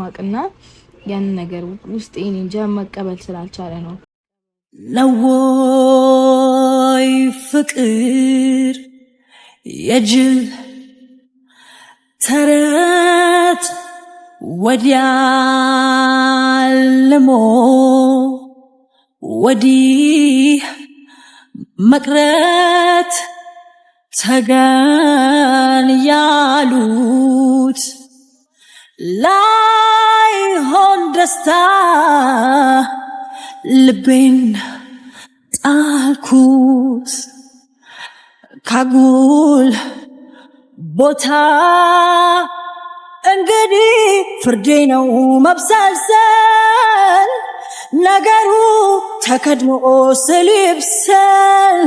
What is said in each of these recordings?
ማቅና ያንን ነገር ውስጥ እንጃ መቀበል ስላልቻለ ነው። ለወይ ፍቅር የጅል ተረት ወዲያ ልሞ ወዲህ መቅረት ተገን ያሉት በደስታ ልቤን ጣልኩስ ካጉል ቦታ እንግዲህ ፍርዴ ነው መብሰልሰል ነገሩ ተከድሞ ስሊብሰል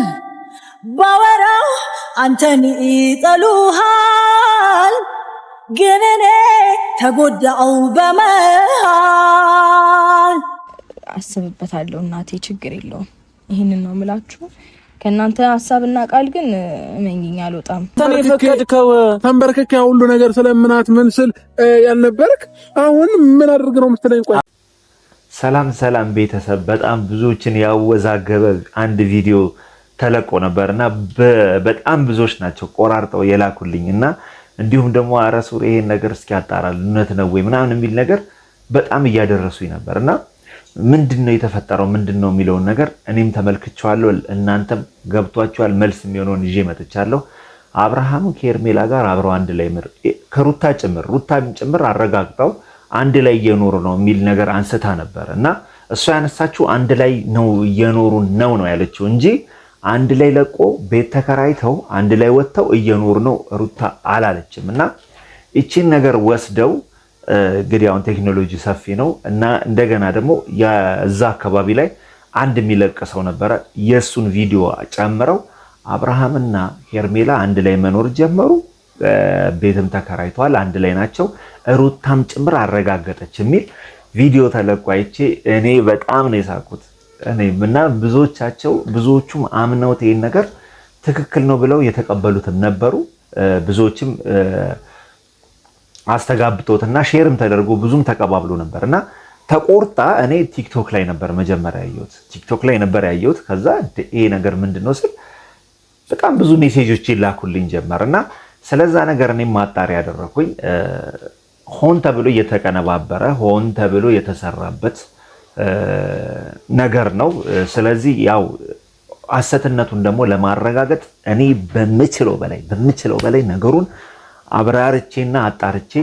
ባወራው አንተን ይጠሉሃል ግን እኔ ተጎዳው በመሃል። አስብበታለሁ እናቴ፣ ችግር የለውም። ይህንን ነው ምላችሁ። ከእናንተ ሀሳብና ቃል ግን እመኝኝ አልወጣም። የፈቀድከው ተንበርክክ ሁሉ ነገር ስለምናት ምን ስል ያልነበርክ አሁን ምን አድርግ ነው ምትለኝ? ቆይ ሰላም ሰላም ቤተሰብ። በጣም ብዙዎችን ያወዛገበ አንድ ቪዲዮ ተለቆ ነበር እና በጣም ብዙዎች ናቸው ቆራርጠው የላኩልኝ እና እንዲሁም ደግሞ አረሱር ይሄን ነገር እስኪ ያጣራል እውነት ነው ወይ ምናምን የሚል ነገር በጣም እያደረሱኝ ነበር እና ምንድን ነው የተፈጠረው ምንድን ነው የሚለውን ነገር እኔም ተመልክቼዋለሁ። እናንተም ገብቷችኋል። መልስ የሚሆነውን ይዤ መጥቻለሁ። አብርሃም ከኤርሜላ ጋር አብረው አንድ ላይ ምር ከሩታ ጭምር ሩታም ጭምር አረጋግጠው አንድ ላይ እየኖሩ ነው የሚል ነገር አንስታ ነበር እና እሷ ያነሳችው አንድ ላይ ነው እየኖሩ ነው ነው ያለችው እንጂ አንድ ላይ ለቆ ቤት ተከራይተው አንድ ላይ ወጥተው እየኖሩ ነው። ሩታ አላለችም እና ይቺን ነገር ወስደው እንግዲህ አሁን ቴክኖሎጂ ሰፊ ነው እና እንደገና ደግሞ የዛ አካባቢ ላይ አንድ የሚለቅ ሰው ነበረ። የእሱን ቪዲዮ ጨምረው አብርሃምና ሄርሜላ አንድ ላይ መኖር ጀመሩ። ቤትም ተከራይተዋል፣ አንድ ላይ ናቸው። ሩታም ጭምር አረጋገጠች የሚል ቪዲዮ ተለቋይቼ እኔ በጣም ነው የሳቁት። እኔም እና ብዙዎቻቸው ብዙዎቹም አምነውት ይሄን ነገር ትክክል ነው ብለው የተቀበሉትም ነበሩ። ብዙዎችም እና ሼርም ተደርጎ ብዙም ተቀባብሎ ነበር እና ተቆርጣ እኔ ቲክቶክ ላይ ነበር መጀመሪያ ያየሁት። ቲክቶክ ላይ ነበር ያየሁት። ከዛ ይሄ ነገር ምንድን ነው ስል በጣም ብዙ ሜሴጆች ይላኩልኝ ጀመር እና ስለዛ ነገር እኔ ማጣሪያ ያደረኩኝ ሆን ተብሎ እየተቀነባበረ ሆን ተብሎ የተሰራበት ነገር ነው። ስለዚህ ያው ሐሰትነቱን ደግሞ ለማረጋገጥ እኔ በምችለው በላይ በምችለው በላይ ነገሩን አብራርቼና አጣርቼ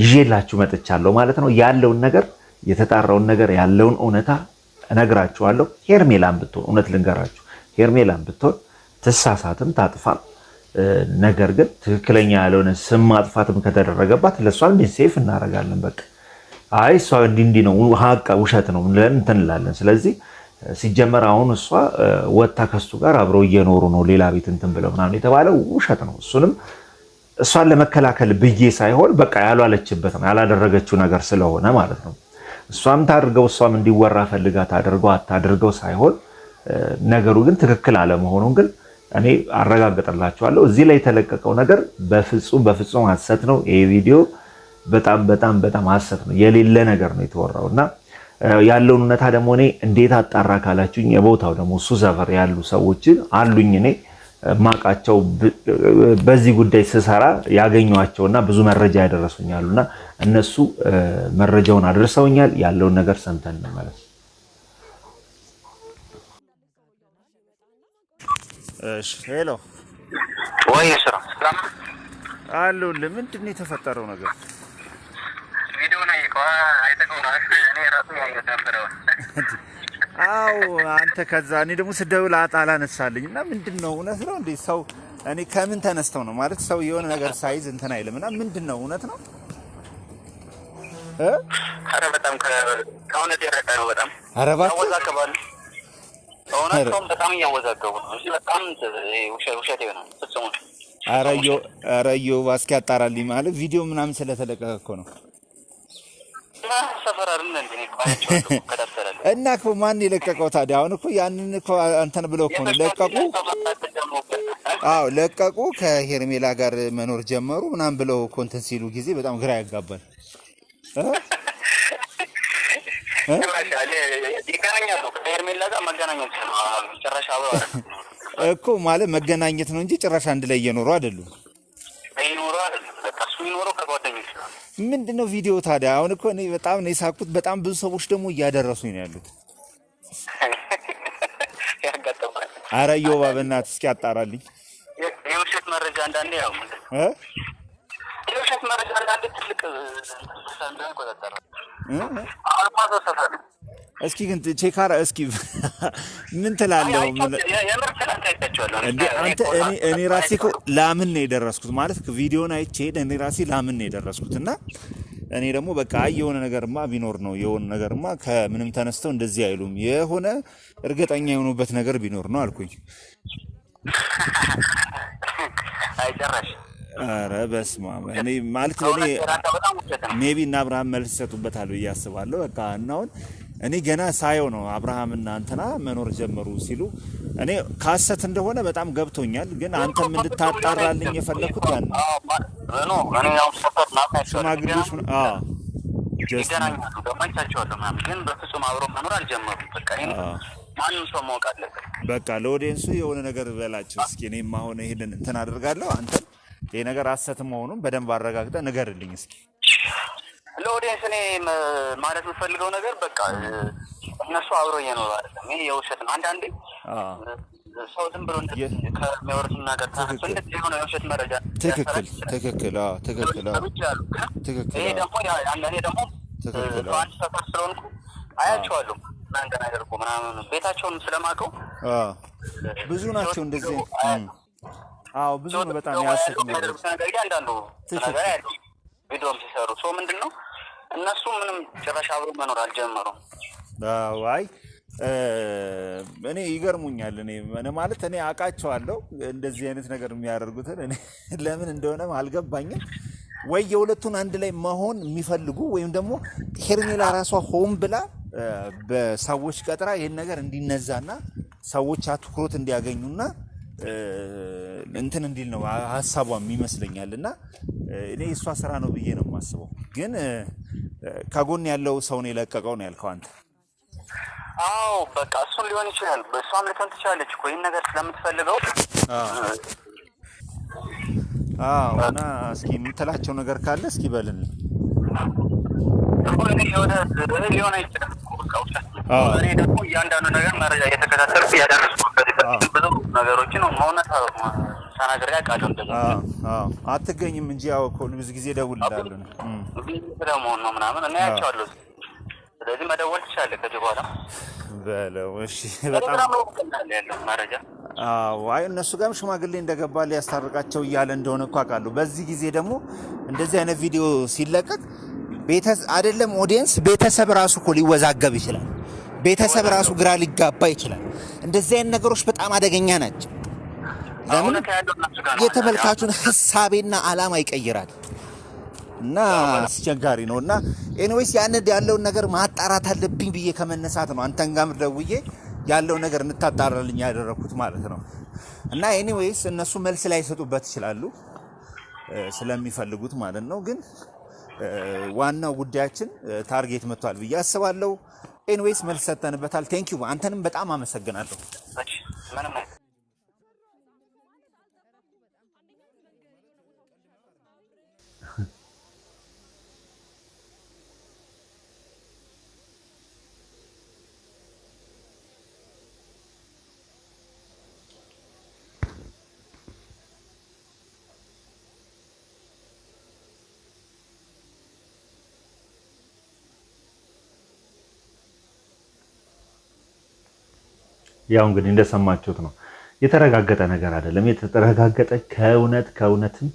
ይዤላችሁ መጥቻለሁ ማለት ነው። ያለውን ነገር የተጣራውን ነገር ያለውን እውነታ እነግራችኋለሁ። ሄርሜላን ብትሆን እውነት ልንገራችሁ፣ ሄርሜላን ብትሆን ትሳሳትም ታጥፋም፣ ነገር ግን ትክክለኛ ያለሆነ ስም ማጥፋትም ከተደረገባት ለእሷን ሴፍ እናደርጋለን በቃ አይ እሷ እንዲህ እንዲህ ነው ሀቅ ውሸት ነው እንትን እንላለን። ስለዚህ ሲጀመር አሁን እሷ ወታ ከሱ ጋር አብረው እየኖሩ ነው ሌላ ቤት እንትን ብለው ምናምን የተባለው ውሸት ነው። እሱንም እሷን ለመከላከል ብዬ ሳይሆን በቃ ያሏለችበት ነው ያላደረገችው ነገር ስለሆነ ማለት ነው። እሷም ታድርገው እሷም እንዲወራ ፈልጋ ታደርገው አታድርገው ሳይሆን ነገሩ ግን ትክክል አለመሆኑን ግን እኔ አረጋግጥላችኋለሁ። እዚህ ላይ የተለቀቀው ነገር በፍጹም በፍጹም ሀሰት ነው። ይሄ ቪዲዮ በጣም በጣም በጣም ሀሰት ነው፣ የሌለ ነገር ነው የተወራው እና ያለውን እውነታ ደግሞ እኔ እንዴት አጣራ ካላችሁኝ የቦታው ደግሞ እሱ ሰፈር ያሉ ሰዎችን አሉኝ እኔ ማቃቸው በዚህ ጉዳይ ስሰራ እና ብዙ መረጃ እና እነሱ መረጃውን አድርሰውኛል። ያለውን ነገር ሰምተን እንመለስ። ሄሎ ወይ ስራ አሉ። ምንድን ነው የተፈጠረው ነገር? አዎ አንተ ከዛ እኔ ደግሞ ስደውል አላነሳልኝ እና ምንድን ነው እውነት ነው እንዴ? ሰው እኔ ከምን ተነስተው ነው ማለት ሰው የሆነ ነገር ሳይዝ እንትን አይልም እና ምንድን ነው እውነት ነው? ኧረ በጣም ከእውነት የረቀ ነው። በጣም ያወዛግባል። እውነት ሰውም በጣም እያወዛገቡ ነው። በጣም ውሸት ነው ፍጹም። ኧረ እዮብ እስኪ ያጣራልኝ ማለት ቪዲዮ ምናምን ስለተለቀቀ እኮ ነው እና እኮ ማን የለቀቀው ታዲያ? አሁን እኮ ያንን እኮ አንተን ብለው እኮ ነው ለቀቁ። አዎ ለቀቁ፣ ከሄርሜላ ጋር መኖር ጀመሩ ምናምን ብለው እኮ እንትን ሲሉ ጊዜ በጣም ግራ ያጋባል። እኮ ማለት መገናኘት ነው እንጂ ጭራሽ አንድ ላይ እየኖሩ አይደሉም። ከጓደኞች ምንድን ነው ቪዲዮ ታዲያ? አሁን እኮ እኔ በጣም ነው የሳኩት። በጣም ብዙ ሰዎች ደግሞ እያደረሱኝ ነው ያሉት። አረ ዮባ በእናትህ እስኪ አጣራልኝ። የውሸት መረጃ አንዳንዴ ያው የውሸት መረጃ አንዳንዴ ትልቅ እስኪ ግን ቼካራ እስኪ ምን ትላለው? እኔ ራሴ እኮ ላምን ነው የደረስኩት ማለት ቪዲዮን አይቼ እኔ ራሴ ላምን ነው የደረስኩት እና እኔ ደግሞ በቃ አይ የሆነ ነገርማ ቢኖር ነው የሆነ ነገርማ ከምንም ተነስተው እንደዚህ አይሉም የሆነ እርግጠኛ የሆኑበት ነገር ቢኖር ነው አልኩኝ። አረ በስመ እኔ ማለት እኔ ሜቢ እና አብርሃም መልስ ይሰጡበታል ብዬ አስባለሁ። በቃ እናሁን እኔ ገና ሳየው ነው አብርሃምና አንተና መኖር ጀመሩ ሲሉ እኔ ካሰት እንደሆነ በጣም ገብቶኛል። ግን አንተም እንድታጣራልኝ የፈለግኩት ያን ሽማግሌዎች ይገናኛሉ ደግሞ ይቻቸዋለሁ ምናምን፣ ግን በፍጹም አብሮ መኖር አልጀመሩም። በቃ ይህን ማንም ሰው ማወቅ በቃ ለኦዲየንሱ የሆነ ነገር በላቸው እስኪ። እኔም አሁን ይሄንን እንትን አደርጋለሁ። አንተም ይሄ ነገር አሰት መሆኑን በደንብ አረጋግጠ ንገርልኝ እስኪ። ለኦዲየንስ እኔ ማለት የምፈልገው ነገር በቃ እነሱ አብሮ እየኖሩ አይደለም። ይሄ የውሸት ነው። አንዳንዴ ብዙ ናቸው እንደዚህ አዎ ብዙ ነው። በጣም ያስት ነገር እያንዳንዱ ነገር ቪዲዮም ሲሰሩ ሰው ምንድን ነው እነሱ ምንም ጭራሽ አብሮ መኖር አልጀመሩም። አይ እኔ ይገርሙኛል። እኔ ማለት እኔ አውቃቸዋለሁ እንደዚህ አይነት ነገር የሚያደርጉትን እኔ ለምን እንደሆነ አልገባኝም። ወይ የሁለቱን አንድ ላይ መሆን የሚፈልጉ ወይም ደግሞ ሄርሜላ ራሷ ሆን ብላ በሰዎች ቀጥራ ይህን ነገር እንዲነዛና ሰዎች አትኩሮት እንዲያገኙና እንትን እንዲል ነው ሀሳቧም ይመስለኛል። እና እኔ እሷ ስራ ነው ብዬ ነው የማስበው። ግን ከጎን ያለው ሰውን የለቀቀው ነው ያልከው አንተ። አዎ በቃ እሱን ሊሆን ይችላል። በእሷም ልትሆን ትችላለች እኮ ይህን ነገር ስለምትፈልገው። አዎ እና እስኪ የምትላቸው ነገር ካለ እስኪ በልን ሊሆነ ይችላል እኔ ደግሞ እያንዳንዱ ነገር መረጃ እየተከታተልኩ ብዙ ነገሮችን መውነት አትገኝም እንጂ ያው እኮ ብዙ ጊዜ እደውልልሃለሁ ስለመሆን ነው ምናምን ስለዚህ መደወል ትችላለህ ከዚህ በኋላ በለው። እሺ በጣም መረጃ አይ እነሱ ጋርም ሽማግሌ እንደገባ ሊያስታርቃቸው እያለ እንደሆነ እኮ አውቃለሁ። በዚህ ጊዜ ደግሞ እንደዚህ አይነት ቪዲዮ ሲለቀቅ አይደለም ኦዲየንስ፣ ቤተሰብ ራሱ እኮ ሊወዛገብ ይችላል። ቤተሰብ ራሱ ግራ ሊጋባ ይችላል። እንደዚህ አይነት ነገሮች በጣም አደገኛ ናቸው። ለምን የተመልካቹን ሀሳቤና አላማ ይቀይራል እና አስቸጋሪ ነው። እና ኤኒዌይስ ያንን ያለውን ነገር ማጣራት አለብኝ ብዬ ከመነሳት ነው አንተን ጋር ደውዬ ያለውን ነገር እንታጣራልኝ ያደረኩት ማለት ነው። እና ኤኒዌይስ እነሱ መልስ ላይ ይሰጡበት ይችላሉ ስለሚፈልጉት ማለት ነው ግን ዋናው ጉዳያችን ታርጌት መጥቷል ብዬ አስባለሁ። ኤንዌይስ መልስ ሰጥተንበታል። ቴንኪዩ። አንተንም በጣም አመሰግናለሁ። ያው እንግዲህ እንደሰማችሁት ነው። የተረጋገጠ ነገር አይደለም። የተረጋገጠ ከእውነት ከእውነትም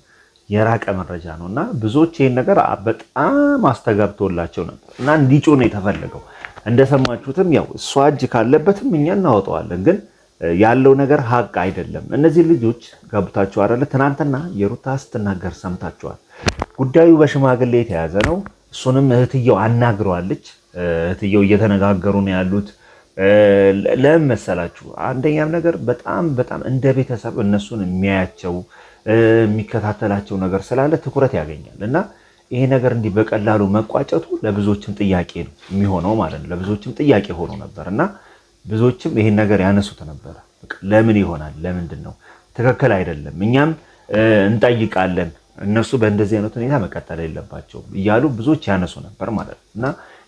የራቀ መረጃ ነው እና ብዙዎች ይህን ነገር በጣም አስተጋብቶላቸው ነበር እና እንዲጮ ነው የተፈለገው። እንደሰማችሁትም ያው እሷ እጅ ካለበትም እኛ እናወጣዋለን፣ ግን ያለው ነገር ሀቅ አይደለም። እነዚህ ልጆች ገብታችሁ አይደለ? ትናንትና የሩታ ስትናገር ሰምታችኋል። ጉዳዩ በሽማግሌ የተያዘ ነው። እሱንም እህትየው አናግረዋለች። እህትየው እየተነጋገሩ ነው ያሉት ለምን መሰላችሁ? አንደኛም ነገር በጣም በጣም እንደ ቤተሰብ እነሱን የሚያያቸው የሚከታተላቸው ነገር ስላለ ትኩረት ያገኛል እና ይሄ ነገር እንዲህ በቀላሉ መቋጨቱ ለብዙዎችም ጥያቄ ነው የሚሆነው ማለት ነው። ለብዙዎችም ጥያቄ ሆኖ ነበር እና ብዙዎችም ይሄን ነገር ያነሱት ነበረ። ለምን ይሆናል? ለምንድን ነው? ትክክል አይደለም። እኛም እንጠይቃለን። እነሱ በእንደዚህ አይነት ሁኔታ መቀጠል የለባቸውም እያሉ ብዙዎች ያነሱ ነበር ማለት ነው እና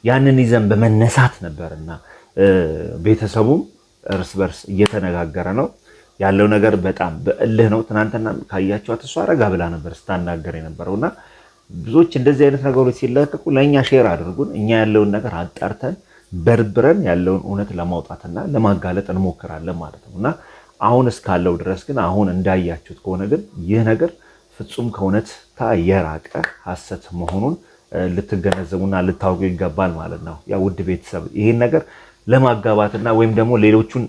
ያንን ይዘን በመነሳት ነበርና ቤተሰቡም እርስ በርስ እየተነጋገረ ነው ያለው ነገር በጣም በእልህ ነው። ትናንትና ካያቸዋት እሷ አረጋ ብላ ነበር ስታናገር የነበረው እና ብዙዎች እንደዚህ አይነት ነገሮች ሲለቀቁ ለእኛ ሼር አድርጉን። እኛ ያለውን ነገር አጣርተን በርብረን ያለውን እውነት ለማውጣትና ለማጋለጥ እንሞክራለን ማለት ነው እና አሁን እስካለው ድረስ ግን አሁን እንዳያችሁት ከሆነ ግን ይህ ነገር ፍጹም ከእውነታ የራቀ ሀሰት መሆኑን ልትገነዘቡና ልታውቁ ይገባል ማለት ነው። ያ ውድ ቤተሰብ ይህን ነገር ለማጋባትና ወይም ደግሞ ሌሎቹን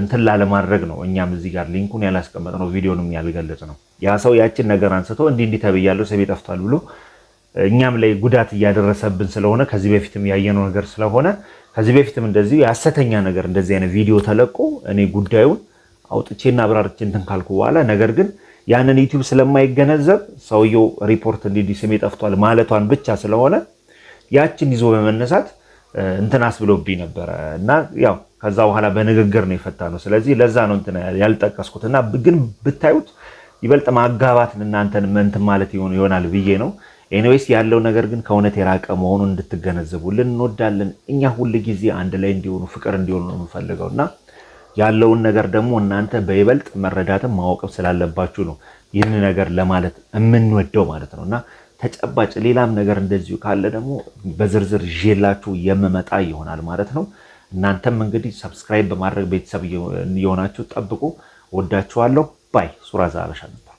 እንትን ላለማድረግ ነው። እኛም እዚህ ጋር ሊንኩን ያላስቀመጥ ነው፣ ቪዲዮንም ያልገለጽ ነው። ያ ሰው ያችን ነገር አንስቶ እንዲህ እንዲህ ተብያለሁ ስሜ ጠፍቷል ብሎ እኛም ላይ ጉዳት እያደረሰብን ስለሆነ ከዚህ በፊትም ያየነው ነገር ስለሆነ ከዚህ በፊትም እንደዚሁ የሐሰተኛ ነገር እንደዚህ አይነት ቪዲዮ ተለቆ እኔ ጉዳዩን አውጥቼና አብራርቼ እንትን ካልኩ በኋላ ነገር ግን ያንን ዩቲዩብ ስለማይገነዘብ ሰውየው ሪፖርት እንዲህ ስሜ ጠፍቷል ማለቷን ብቻ ስለሆነ ያችን ይዞ በመነሳት እንትናስ ብሎብኝ ነበረ እና ያው ከዛ በኋላ በንግግር ነው የፈታ ነው። ስለዚህ ለዛ ነው እንትን ያልጠቀስኩት እና ግን ብታዩት ይበልጥ ማጋባትን እናንተን እንትን ማለት ይሆናል ብዬ ነው። ኤኒዌይስ ያለው ነገር ግን ከእውነት የራቀ መሆኑን እንድትገነዘቡ ልንወዳለን። እኛ ሁል ጊዜ አንድ ላይ እንዲሆኑ ፍቅር እንዲሆኑ ነው የምንፈልገው እና ያለውን ነገር ደግሞ እናንተ በይበልጥ መረዳትም ማወቅም ስላለባችሁ ነው ይህን ነገር ለማለት የምንወደው ማለት ነው እና ተጨባጭ ሌላም ነገር እንደዚሁ ካለ ደግሞ በዝርዝር ይዤላችሁ የምመጣ ይሆናል ማለት ነው። እናንተም እንግዲህ ሰብስክራይብ በማድረግ ቤተሰብ የሆናችሁ ጠብቁ። ወዳችኋለሁ። ባይ ሱራ ዛበሻ ነበር።